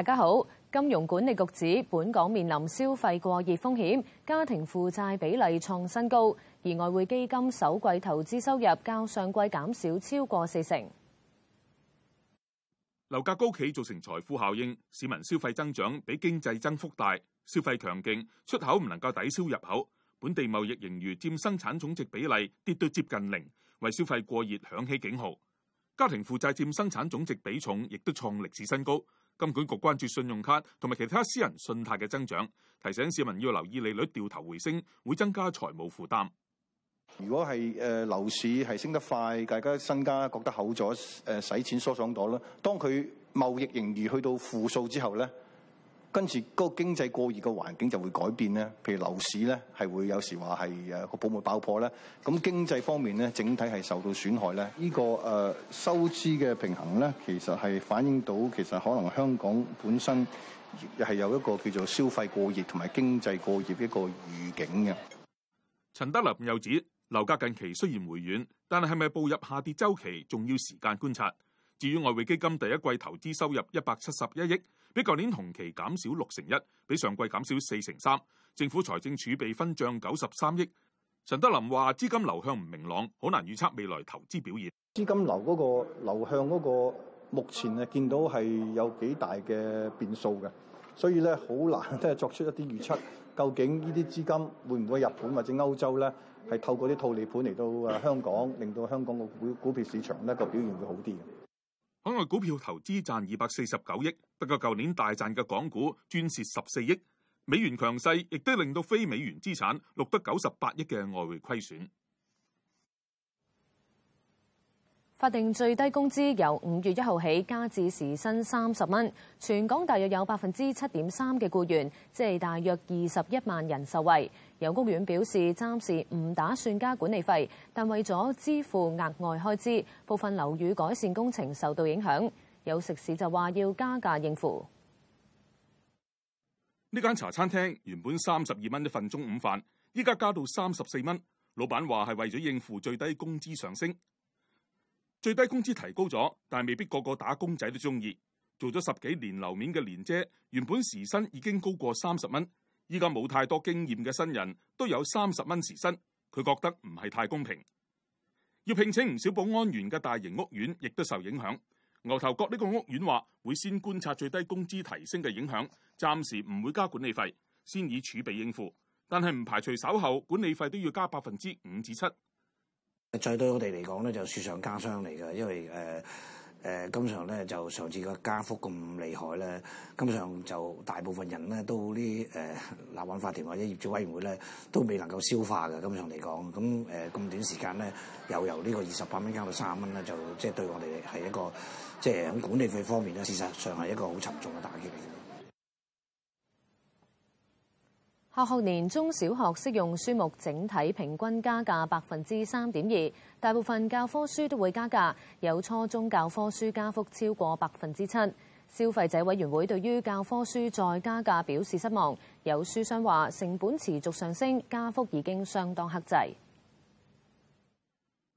大家好，金融管理局指本港面臨消費過熱風險，家庭負債比例創新高，而外匯基金首季投資收入較上季減少超過四成。樓價高企造成財富效應，市民消費增長比經濟增幅大，消費強勁，出口唔能夠抵消入口，本地貿易盈餘佔生產總值比例跌到接近零，為消費過熱響起警號。家庭負債佔生產總值比重亦都創歷史新高。金管局關注信用卡同埋其他私人信貸嘅增長，提醒市民要留意利率掉頭回升，會增加財務負擔。如果係誒樓市係升得快，大家身家覺得厚咗，誒使錢疏爽咗啦。當佢貿易盈餘去到負數之後咧。跟住個經濟過熱嘅環境就會改變咧，譬如樓市咧係會有時話係誒個泡沫爆破咧，咁經濟方面咧整體係受到損害咧。呢、呢個誒、呃、收支嘅平衡咧，其實係反映到其實可能香港本身係有一個叫做消費過熱同埋經濟過熱的一個預警嘅。陳德霖又指樓價近期雖然回軟，但係咪步入下跌週期，仲要時間觀察。至於外匯基金第一季投資收入一百七十一億，比舊年同期減少六成一，比上季減少四成三。政府財政儲備分賬九十三億。陳德霖話：資金流向唔明朗，好難預測未來投資表現。資金流嗰個流向嗰個，目前啊見到係有幾大嘅變數嘅，所以咧好難都係作出一啲預測。究竟呢啲資金會唔會日本或者歐洲咧，係透過啲套利盤嚟到啊香港，令到香港個股股票市場咧個表現會好啲嘅。海外股票投資賺二百四十九億，不過舊年大賺嘅港股，轉蝕十四億。美元強勢，亦都令到非美元資產錄得九十八億嘅外匯虧損。法定最低工資由五月一號起加至時薪三十蚊，全港大約有百分之七點三嘅僱員，即係大約二十一萬人受惠。有公員表示暫時唔打算加管理費，但為咗支付額外開支，部分樓宇改善工程受到影響。有食肆就話要加價應付。呢間茶餐廳原本三十二蚊一份中午飯，依家加到三十四蚊。老闆話係為咗應付最低工資上升。最低工資提高咗，但未必個個打工仔都中意。做咗十幾年樓面嘅蓮姐，原本時薪已經高過三十蚊，依家冇太多經驗嘅新人都有三十蚊時薪，佢覺得唔係太公平。要聘請唔少保安員嘅大型屋苑，亦都受影響。牛頭角呢個屋苑話會先觀察最低工資提升嘅影響，暫時唔會加管理費，先以儲備應付，但係唔排除稍後管理費都要加百分之五至七。再對我哋嚟講咧，就是、雪上加霜嚟嘅！因為誒誒、呃，今上咧就上次個加幅咁厲害咧，今常就大部分人咧都啲誒、呃，立案法團或者業主委員會咧都未能夠消化噶，今常嚟講，咁誒咁短時間咧，又由呢個二十八蚊加到三十蚊咧，就即係、就是、對我哋係一個即係喺管理費方面咧，事實上係一個好沉重嘅打擊嚟。下學年中小學適用書目整體平均加價百分之三點二，大部分教科書都會加價，有初中教科書加幅超過百分之七。消費者委員會對於教科書再加價表示失望，有書商話成本持續上升，加幅已經相當克制。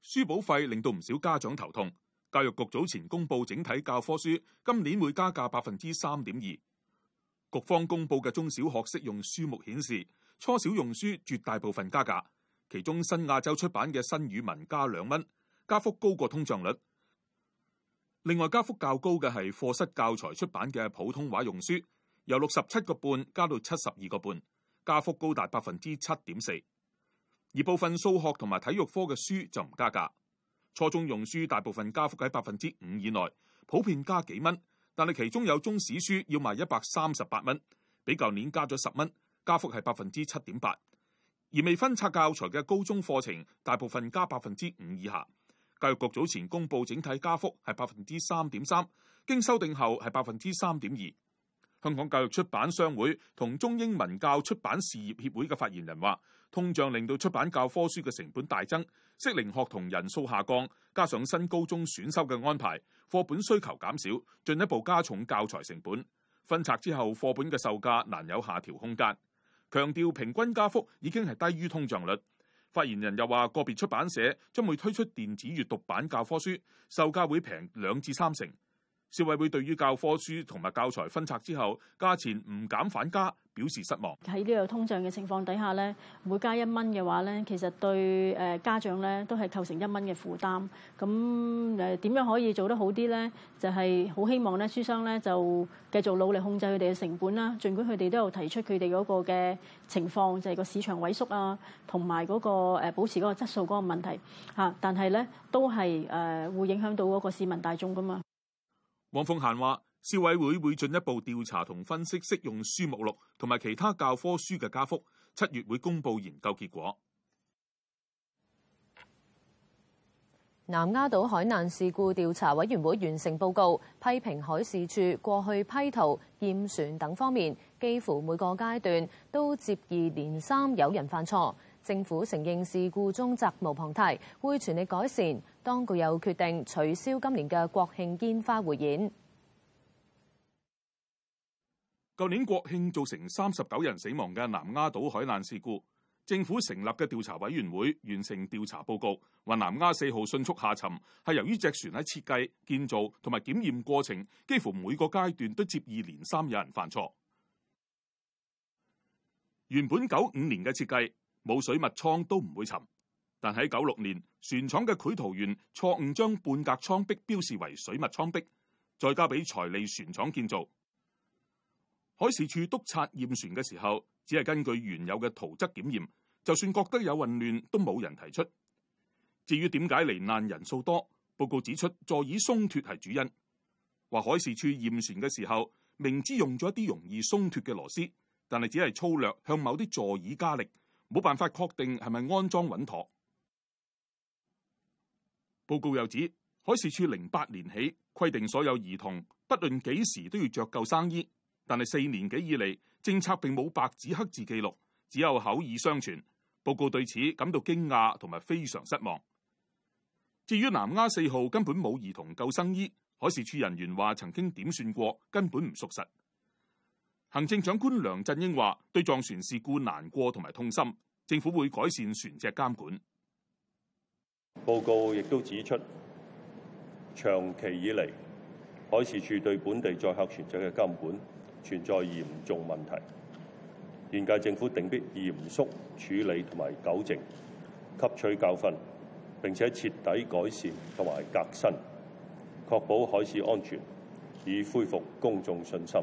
書簿費令到唔少家長頭痛，教育局早前公布整體教科書今年會加價百分之三點二。局方公布嘅中小學適用書目顯示，初小用書絕大部分加價，其中新亞洲出版嘅新語文加兩蚊，加幅高過通脹率。另外加幅較高嘅係課室教材出版嘅普通話用書，由六十七個半加到七十二個半，加幅高達百分之七點四。而部分數學同埋體育科嘅書就唔加價。初中用書大部分加幅喺百分之五以內，普遍加幾蚊。但係其中有中史書要賣一百三十八蚊，比舊年加咗十蚊，加幅係百分之七點八。而未分拆教材嘅高中課程，大部分加百分之五以下。教育局早前公布整體加幅係百分之三點三，經修訂後係百分之三點二。香港教育出版商會同中英文教出版事業協會嘅發言人話，通脹令到出版教科書嘅成本大增，適齡學童人數下降，加上新高中選修嘅安排。課本需求減少，進一步加重教材成本。分拆之後，課本嘅售價難有下調空間。強調平均加幅已經係低於通脹率。發言人又話，個別出版社將會推出電子閱讀版教科書，售價會平兩至三成。消委會對於教科書同埋教材分拆之後，價錢唔減反加，表示失望。喺呢個通脹嘅情況底下咧，每加一蚊嘅話咧，其實對誒家長咧都係構成一蚊嘅負擔。咁誒點樣可以做得好啲咧？就係好希望咧書商咧就繼續努力控制佢哋嘅成本啦。儘管佢哋都有提出佢哋嗰個嘅情況，就係個市場萎縮啊，同埋嗰個保持嗰個質素嗰個問題。但係咧都係誒會影響到嗰個市民大眾噶嘛。汪鳳嫻話：消委會會進一步調查同分析適用書目錄同埋其他教科書嘅加幅，七月會公布研究結果。南丫島海難事故調查委員會完成報告，批評海事處過去批圖、驗船等方面，幾乎每個階段都接二連三有人犯錯。政府承認事故中責無旁貸，會全力改善。當局又決定取消今年嘅國慶煙花匯演。舊年國慶造成三十九人死亡嘅南丫島海難事故，政府成立嘅調查委員會完成調查報告，話南丫四號迅速下沉，係由於隻船喺設計、建造同埋檢驗過程，幾乎每個階段都接二連三有人犯錯。原本九五年嘅設計，冇水密艙都唔會沉。但喺九六年，船廠嘅繪圖員錯誤將半格艙壁標示為水密艙壁，再交俾財利船廠建造。海事處督察驗船嘅時候，只係根據原有嘅圖則檢驗，就算覺得有混亂都冇人提出。至於點解罹難人數多，報告指出座椅鬆脱係主因。話海事處驗船嘅時候，明知用咗一啲容易鬆脱嘅螺絲，但係只係粗略向某啲座椅加力，冇辦法確定係咪安裝穩妥。報告又指，海事處零八年起規定所有兒童，不論幾時都要着救生衣，但係四年幾以嚟，政策並冇白紙黑字記錄，只有口耳相傳。報告對此感到驚訝同埋非常失望。至於南丫四號根本冇兒童救生衣，海事處人員話曾經點算過，根本唔屬實。行政長官梁振英話：對撞船事故難過同埋痛心，政府會改善船隻監管。報告亦都指出，長期以嚟，海事處對本地載客船隻嘅監管存在嚴重問題，現屆政府定必嚴肅處理同埋糾正，吸取教訓，並且徹底改善同埋革新，確保海事安全，以恢復公眾信心。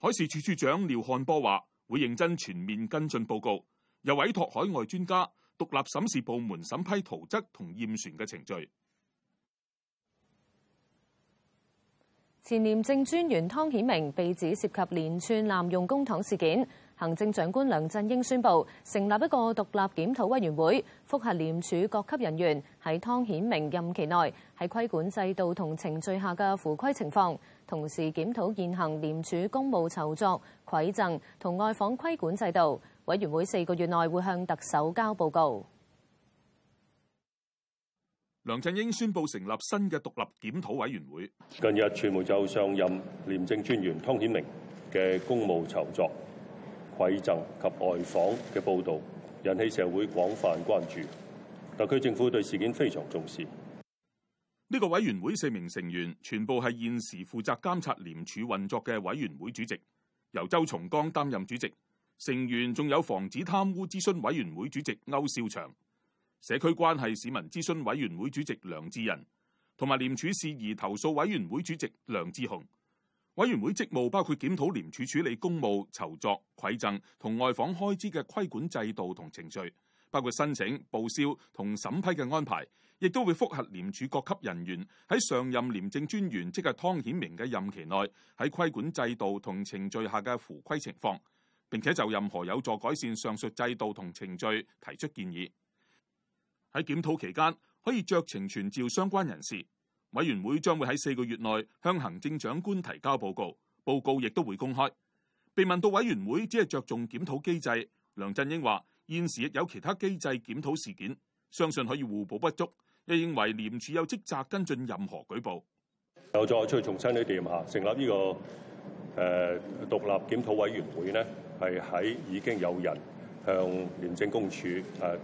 海事處處長廖漢波話，會認真全面跟進報告，又委託海外專家。獨立審視部門審批圖則同驗船嘅程序。前廉政專員湯顯明被指涉及連串濫用公帑事件，行政長官梁振英宣布成立一個獨立檢討委員會，複核廉署各級人員喺湯顯明任期內喺規管制度同程序下嘅符規情況，同時檢討現行廉署公務酬酢、饋贈同外訪規管制度。委員會四個月內會向特首交報告。梁振英宣布成立新嘅獨立檢討委員會。近日傳媒就上任廉政專員湯顯明嘅公務酬酢、饋贈及外訪嘅報道，引起社會廣泛關注。特區政府對事件非常重視。呢個委員會四名成員全部係現時負責監察廉署運作嘅委員會主席，由周松崗擔任主席。成員仲有防止貪污諮詢委員會主席歐少祥、社區關係市民諮詢委員會主席梁志仁，同埋廉署事宜投訴委員會主席梁志雄。委員會職務包括檢討廉署處理公務酬酢、饋贈同外訪開支嘅規管制度同程序，包括申請、報銷同審批嘅安排，亦都會複核廉署各級人員喺上任廉政專員即係湯顯明嘅任期內喺規管制度同程序下嘅符規情況。並且就任何有助改善上述制度同程序提出建議。喺檢討期間可以酌情傳召相關人士。委員會將會喺四個月內向行政長官提交報告，報告亦都會公開。被問到委員會只係着重檢討機制，梁振英話現時亦有其他機制檢討事件，相信可以互補不足。亦認為廉署有職責跟進任何舉報。又再出去重申一啲嘢成立呢個誒、呃、獨立檢討委員會咧。係喺已經有人向廉政公署誒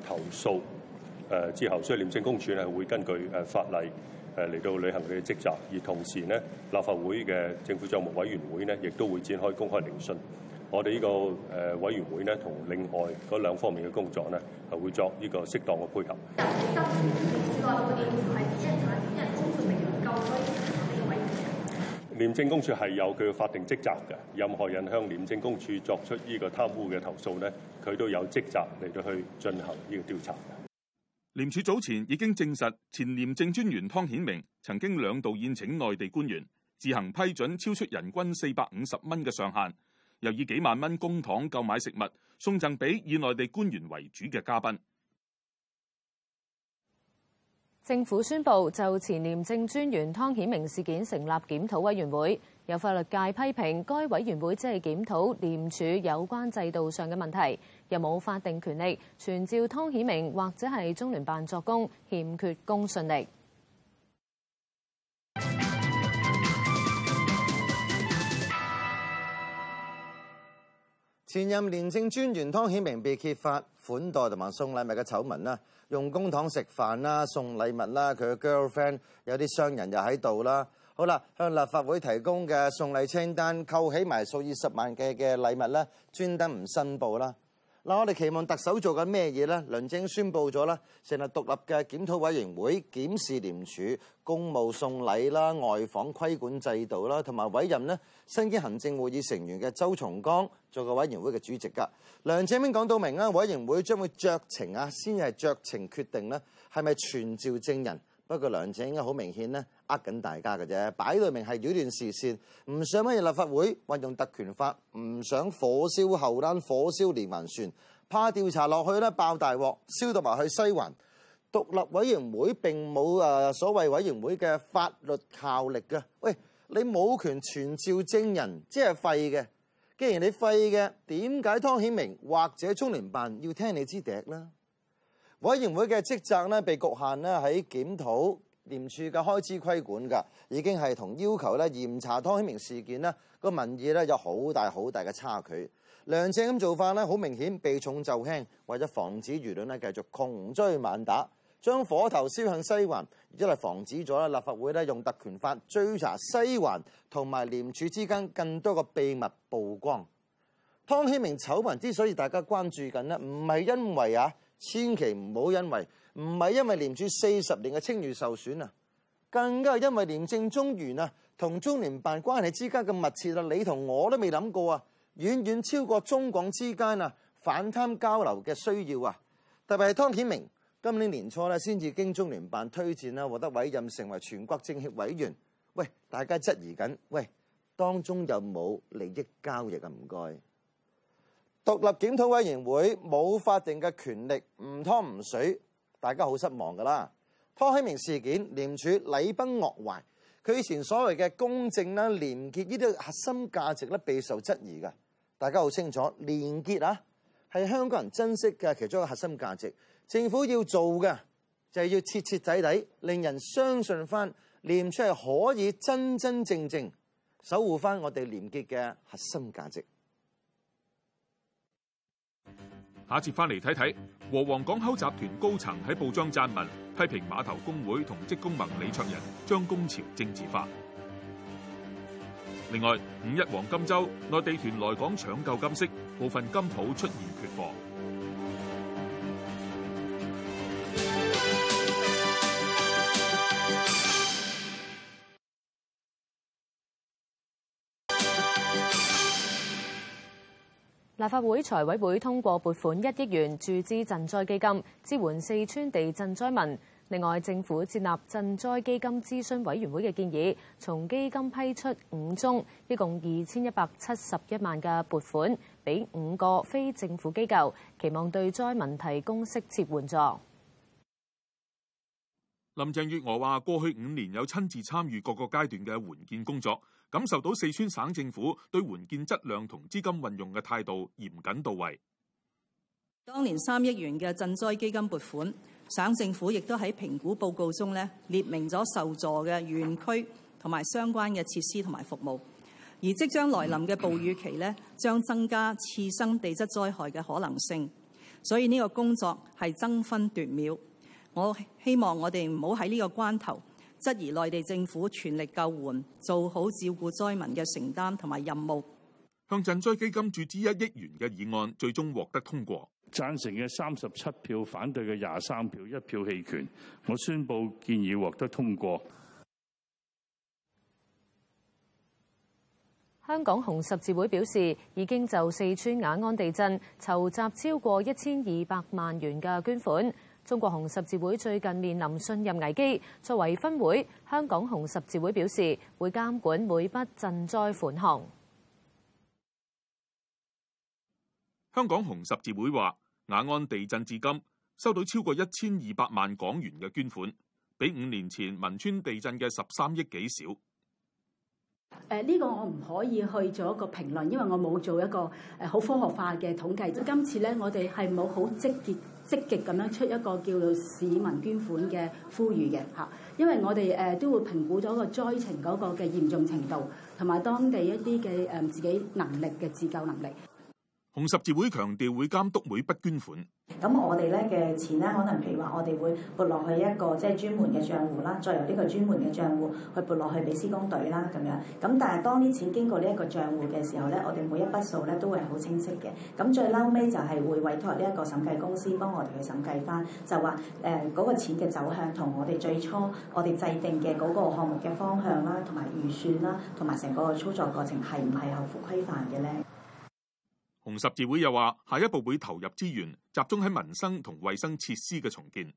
投訴誒之後，所以廉政公署咧會根據誒法例誒嚟到履行佢嘅職責，而同時呢，立法會嘅政府帳目委員會呢亦都會展開公開聆訊。我哋呢個誒委員會呢，同另外嗰兩方面嘅工作呢，係會作呢個適當嘅配合。嗯。嗯。廉政公署係有佢嘅法定職責嘅，任何人向廉政公署作出呢個貪污嘅投訴呢，佢都有職責嚟到去進行呢個調查。廉署早前已經證實，前廉政專員湯顯明曾經兩度宴請內地官員，自行批准超出人均四百五十蚊嘅上限，又以幾萬蚊公帑購買食物送贈俾以內地官員為主嘅嘉賓。政府宣布就前廉政專員湯顯明事件成立檢討委員會，有法律界批評該委員會只係檢討廉署有關制度上嘅問題，又冇法定權力傳召湯顯明或者係中聯辦作供，欠缺公信力。前任廉政專員湯顯明被揭發款待同埋送禮物嘅醜聞啦。用公帑食飯啦，送禮物啦，佢嘅 girlfriend 有啲商人又喺度啦。好啦，向立法會提供嘅送禮清單，扣起埋數以十萬嘅嘅禮物啦，專登唔申報啦。我哋期望特首做緊咩嘢呢？梁振英宣布咗，成立獨立嘅檢討委員會，檢視廉署公務送禮啦、外訪規管制度啦，同埋委任呢新兼行政會議成員嘅周松崗做個委員會嘅主席。梁振英講到明，委員會將會酌情，先係酌情決定是係咪傳召證人。不過梁振英好明顯咧，呃緊大家嘅啫，擺到明係擾亂視線，唔想乜嘢立法會，運用特權法，唔想火燒後欄，火燒連環船，怕調查落去咧爆大鑊，燒到埋去西環。獨立委員會並冇誒、啊、所謂委員會嘅法律效力㗎，喂，你冇權傳召證人，即係廢嘅。既然你廢嘅，點解湯顯明或者中聯辦要聽你支笛呢？委員會嘅職責咧，被局限咧喺檢討廉署嘅開支規管㗎，已經係同要求咧嚴查湯顯明事件咧個民意咧有好大好大嘅差距。梁振英咁做法咧，好明顯避重就輕，為咗防止輿論咧繼續窮追猛打，將火頭燒向西環，而即防止咗立法會咧用特權法追查西環同埋廉署之間更多個秘密曝光。湯顯明醜聞之所以大家關注緊咧，唔係因為啊～千祈唔好因為，唔係因為廉署四十年嘅清譽受損啊，更加係因為廉政中員啊同中聯辦關係之間嘅密切啦，你同我都未諗過啊，遠遠超過中港之間啊反貪交流嘅需要啊，特別係湯顯明今年年初咧先至經中聯辦推薦啦，獲得委任成為全國政協委員，喂，大家質疑緊，喂，當中有冇利益交易啊？唔該。獨立檢討委員會冇法定嘅權力，唔拖唔水，大家好失望噶啦。湯顯明事件，廉署禮崩樂壞，佢以前所謂嘅公正啦、廉潔呢啲核心價值咧，備受質疑嘅。大家好清楚，廉潔啊，係香港人珍惜嘅其中一個核心價值。政府要做嘅就係、是、要徹徹底底，令人相信翻廉署係可以真真正正守護翻我哋廉潔嘅核心價值。下次翻嚟睇睇，和黃港口集團高層喺報章撰文批評碼頭工會同職工盟李卓人將工潮政治化。另外，五一黃金周，內地團來港搶救金飾，部分金鋪出現缺貨。立法會財委會通過撥款一億元注資賑災基金，支援四川地震災民。另外，政府接納賑災基金諮詢委員會嘅建議，從基金批出五宗，一共二千一百七十一萬嘅撥款，俾五個非政府機構，期望對災民提供適切援助。林鄭月娥話：過去五年有親自參與各個階段嘅援建工作。感受到四川省政府對援建質量同資金運用嘅態度嚴謹到位。當年三億元嘅震災基金撥款，省政府亦都喺評估報告中咧列明咗受助嘅園區同埋相關嘅設施同埋服務。而即將來臨嘅暴雨期咧，將增加次生地質災害嘅可能性，所以呢個工作係爭分奪秒。我希望我哋唔好喺呢個關頭。質疑內地政府全力救援，做好照顧災民嘅承擔同埋任務。向賑災基金注資一億元嘅議案最終獲得通過，贊成嘅三十七票，反對嘅廿三票，一票棄權，我宣佈建議獲得通過。香港紅十字會表示，已經就四川雅安地震籌集超過一千二百萬元嘅捐款。中國紅十字會最近面臨信任危機。作為分會，香港紅十字會表示會監管每筆賑災款項。香港紅十字會話，雅安地震至今收到超過一千二百萬港元嘅捐款，比五年前汶川地震嘅十三億幾少。誒、呃，呢、這個我唔可以去做一個評論，因為我冇做一個誒好科學化嘅統計。今次咧，我哋係冇好積極，積極咁樣出一個叫做市民捐款嘅呼籲嘅吓，因為我哋誒都會評估咗個災情嗰個嘅嚴重程度，同埋當地一啲嘅誒自己能力嘅自救能力。紅十字會強調會監督每筆捐款。咁我哋咧嘅錢咧，可能譬如話，我哋會撥落去一個即係專門嘅帳戶啦，再由呢個專門嘅帳戶去撥落去俾施工隊啦，咁樣。咁但係當啲錢經過呢一個帳戶嘅時候咧，我哋每一筆數咧都會係好清晰嘅。咁最撈尾就係會委託呢一個審計公司幫我哋去審計返，就話誒嗰個錢嘅走向同我哋最初我哋制定嘅嗰個項目嘅方向啦，同埋預算啦，同埋成個操作過程係唔係合乎規範嘅咧？紅十字會又話，下一步會投入資源，集中喺民生同衛生設施嘅重建。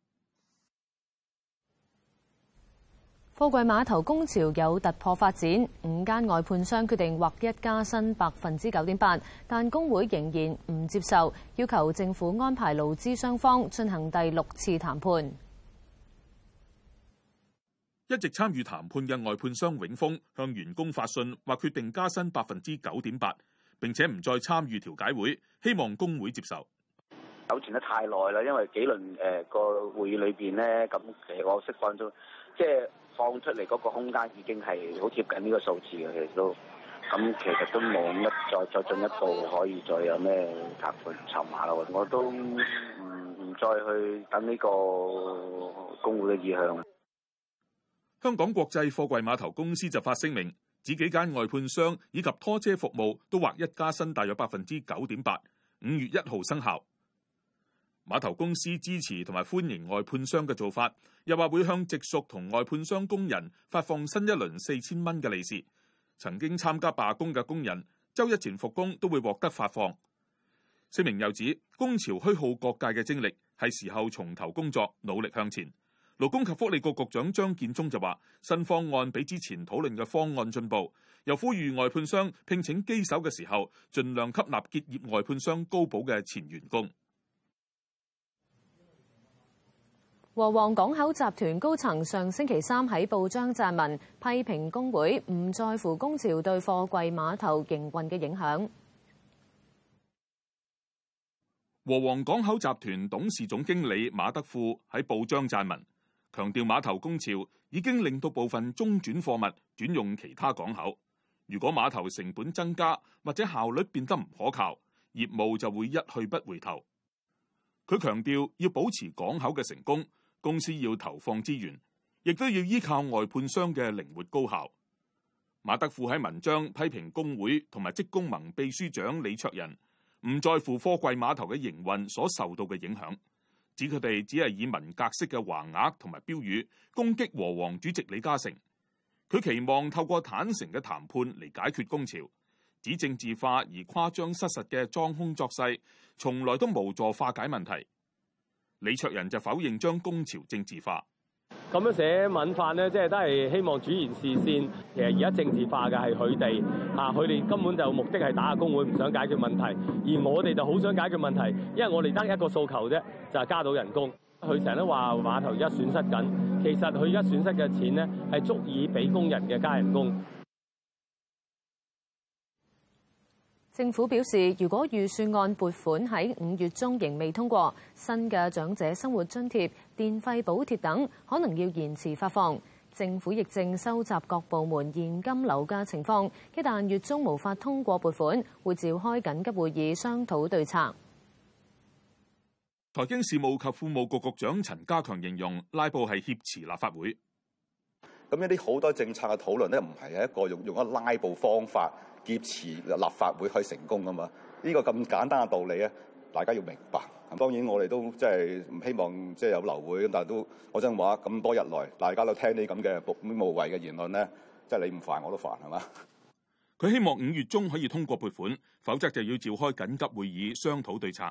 貨櫃碼頭工潮有突破發展，五間外判商決定劃一加薪百分之九點八，但工會仍然唔接受，要求政府安排勞資雙方進行第六次談判。一直參與談判嘅外判商永豐向員工發信，話決定加薪百分之九點八。並且唔再參與調解會，希望工會接受。糾纏得太耐啦，因為幾輪誒個會議裏邊咧，咁其實我釋放咗，即係放出嚟嗰個空間已經係好接近呢個數字嘅，其實都咁其實都冇乜再再進一步可以再有咩談判尋下啦。我都唔唔再去等呢個工會嘅意向。香港國際貨櫃碼頭公司就發聲明。指幾間外判商以及拖車服務都劃一加薪，大約百分之九點八，五月一號生效。碼頭公司支持同埋歡迎外判商嘅做法，又話會向直屬同外判商工人發放新一輪四千蚊嘅利是。曾經參加罷工嘅工人，周一前復工都會獲得發放。聲明又指工潮虛耗各界嘅精力，係時候從頭工作，努力向前。勞工及福利局局，局長張建宗就話：新方案比之前討論嘅方案進步，又呼籲外判商聘請機手嘅時候，盡量吸納結業外判商高保嘅前員工。和黃港口集團高層上星期三喺報章撰文，批評工會唔在乎工潮對貨櫃碼頭營運嘅影響。和黃港口集團董事總經理馬德富喺報章撰文。強調碼頭工潮已經令到部分中轉貨物轉用其他港口。如果碼頭成本增加或者效率變得唔可靠，業務就會一去不回頭。佢強調要保持港口嘅成功，公司要投放資源，亦都要依靠外判商嘅靈活高效。馬德富喺文章批評工會同埋職工盟秘書長李卓人唔在乎貨櫃碼頭嘅營運所受到嘅影響。指佢哋只係以文革式嘅橫額同埋標語攻擊和黃主席李嘉誠，佢期望透過坦誠嘅談判嚟解決工潮，指政治化而誇張失實嘅裝腔作勢，從來都無助化解問題。李卓人就否認將工潮政治化。咁樣寫文法呢，即係都係希望主言視線。其實而家政治化嘅係佢哋，佢哋根本就目的係打下工會，唔想解決問題。而我哋就好想解決問題，因為我哋得一個訴求啫，就係加到人工。佢成日都話碼頭而家損失緊，其實佢而家損失嘅錢呢，係足以俾工人嘅加人工。政府表示，如果預算案撥款喺五月中仍未通過，新嘅長者生活津貼。電費補貼等可能要延遲發放，政府亦正收集各部門現金流嘅情況。一旦月中無法通過撥款，會召開緊急會議商討對策。財經事務及庫務局局長陳家強形容拉布係挾持立法會，咁一啲好多政策嘅討論咧，唔係一個用用一個拉布方法挾持立法會去成功噶嘛？呢個咁簡單嘅道理咧，大家要明白。當然我哋都即係唔希望即係有流會，但係都講真話，咁多日來，大家都聽你咁嘅無無謂嘅言論咧，即係你唔煩我都煩係嘛？佢希望五月中可以通過撥款，否則就要召開緊急會議商討對策。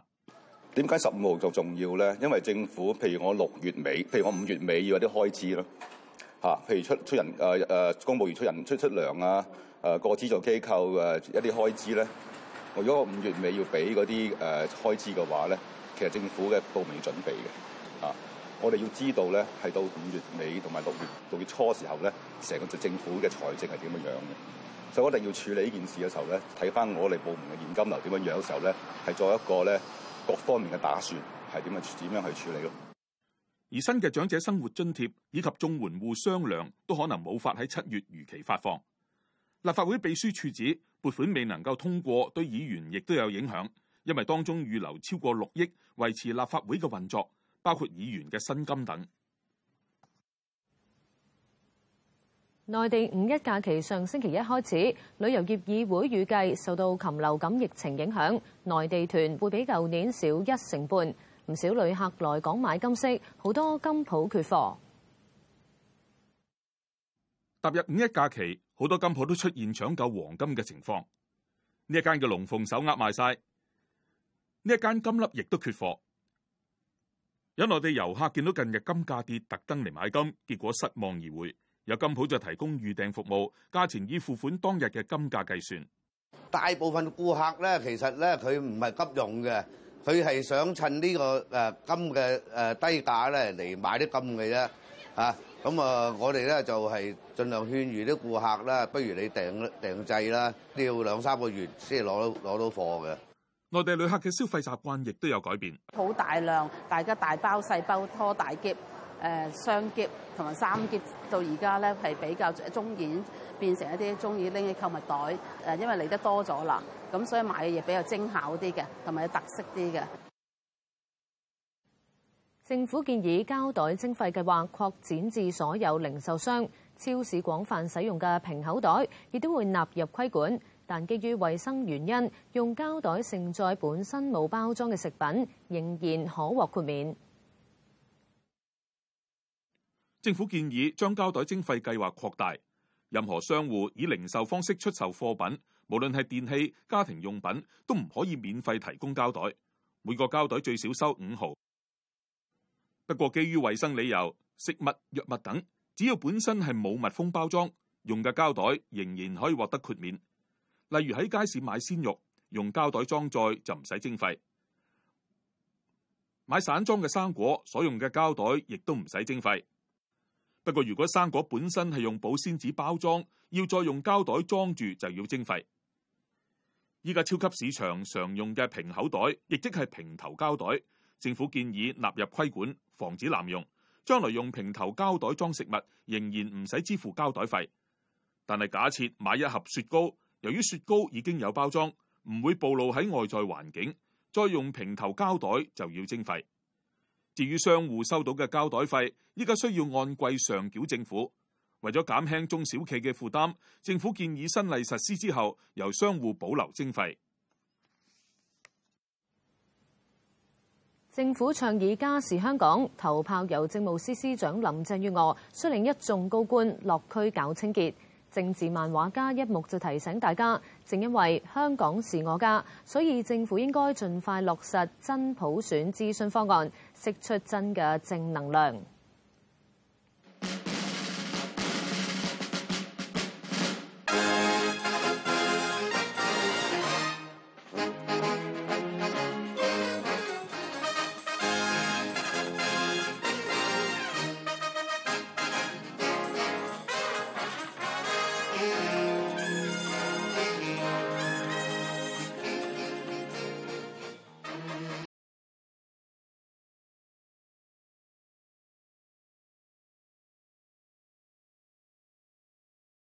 點解十五號就重要咧？因為政府，譬如我六月尾，譬如我五月尾要一啲開支咯，嚇，譬如出出人誒誒，公務員出人出出糧啊，誒個資助機構誒一啲開支咧，我如果五月尾要俾嗰啲誒開支嘅話咧？其實政府嘅部門要準備嘅啊，我哋要知道咧，係到五月尾同埋六月六月初的時候咧，成個政府嘅財政係點樣樣嘅，所以我哋要處理呢件事嘅時候咧，睇返我哋部門嘅現金流點樣樣嘅時候咧，係作一個咧各方面嘅打算係點樣點樣去處理咯。而新嘅長者生活津貼以及綜援戶雙糧，都可能冇法喺七月如期發放。立法會秘書處指撥款未能夠通過，對議員亦都有影響。因為當中預留超過六億維持立法會嘅運作，包括議員嘅薪金等。內地五一假期上星期一開始，旅遊業議會預計受到禽流感疫情影響，內地團會比舊年少一成半。唔少旅客來港買金飾，好多金鋪缺貨。踏入五一假期，好多金鋪都出現搶購黃金嘅情況。呢一間嘅龍鳳手鈪賣晒。呢一間金粒亦都缺貨，有內地遊客見到近日金價跌，特登嚟買金，結果失望而回。有金鋪就提供預訂服務，價錢以付款當日嘅金價計算。大部分顧客咧，其實咧佢唔係急用嘅，佢係想趁呢個誒金嘅誒低價咧嚟買啲金嘅啫。啊，咁啊，我哋咧就係盡量勸喻啲顧客啦，不如你訂訂製啦，要兩三個月先攞到攞到貨嘅。內地旅客嘅消費習慣亦都有改變，好大量，大家大包細包拖大喼，誒雙喼同埋三喼，到而家咧係比較中意變成一啲中意拎起購物袋，誒因為嚟得多咗啦，咁所以買嘅嘢比較精巧啲嘅，同埋特色啲嘅。政府建議膠袋徵費計劃擴展至所有零售商、超市廣泛使用嘅平口袋，亦都會納入規管。但基於衞生原因，用膠袋盛載本身冇包裝嘅食品，仍然可獲豁免。政府建議將膠袋徵費計劃擴大，任何商戶以零售方式出售貨品，無論係電器、家庭用品，都唔可以免費提供膠袋。每個膠袋最少收五毫。不過，基於衞生理由，食物、藥物等，只要本身係冇密封包裝，用嘅膠袋仍然可以獲得豁免。例如喺街市買鮮肉，用膠袋裝載就唔使徵費；買散裝嘅生果，所用嘅膠袋亦都唔使徵費。不過，如果生果本身係用保鮮紙包裝，要再用膠袋裝住就要徵費。依家超級市場常用嘅平口袋，亦即係平頭膠袋，政府建議納入規管，防止濫用。將來用平頭膠袋裝食物，仍然唔使支付膠袋費。但係，假設買一盒雪糕。由於雪糕已經有包裝，唔會暴露喺外在環境，再用平頭膠袋就要徵費。至於商戶收到嘅膠袋費，依家需要按季上繳政府。為咗減輕中小企嘅負擔，政府建議新例實施之後，由商戶保留徵費。政府倡議家是香港，頭炮由政務司司長林鄭月娥率領一眾高官落區搞清潔。政治漫畫家一幕就提醒大家，正因為香港是我家，所以政府應該盡快落實真普選諮詢方案，釋出真嘅正能量。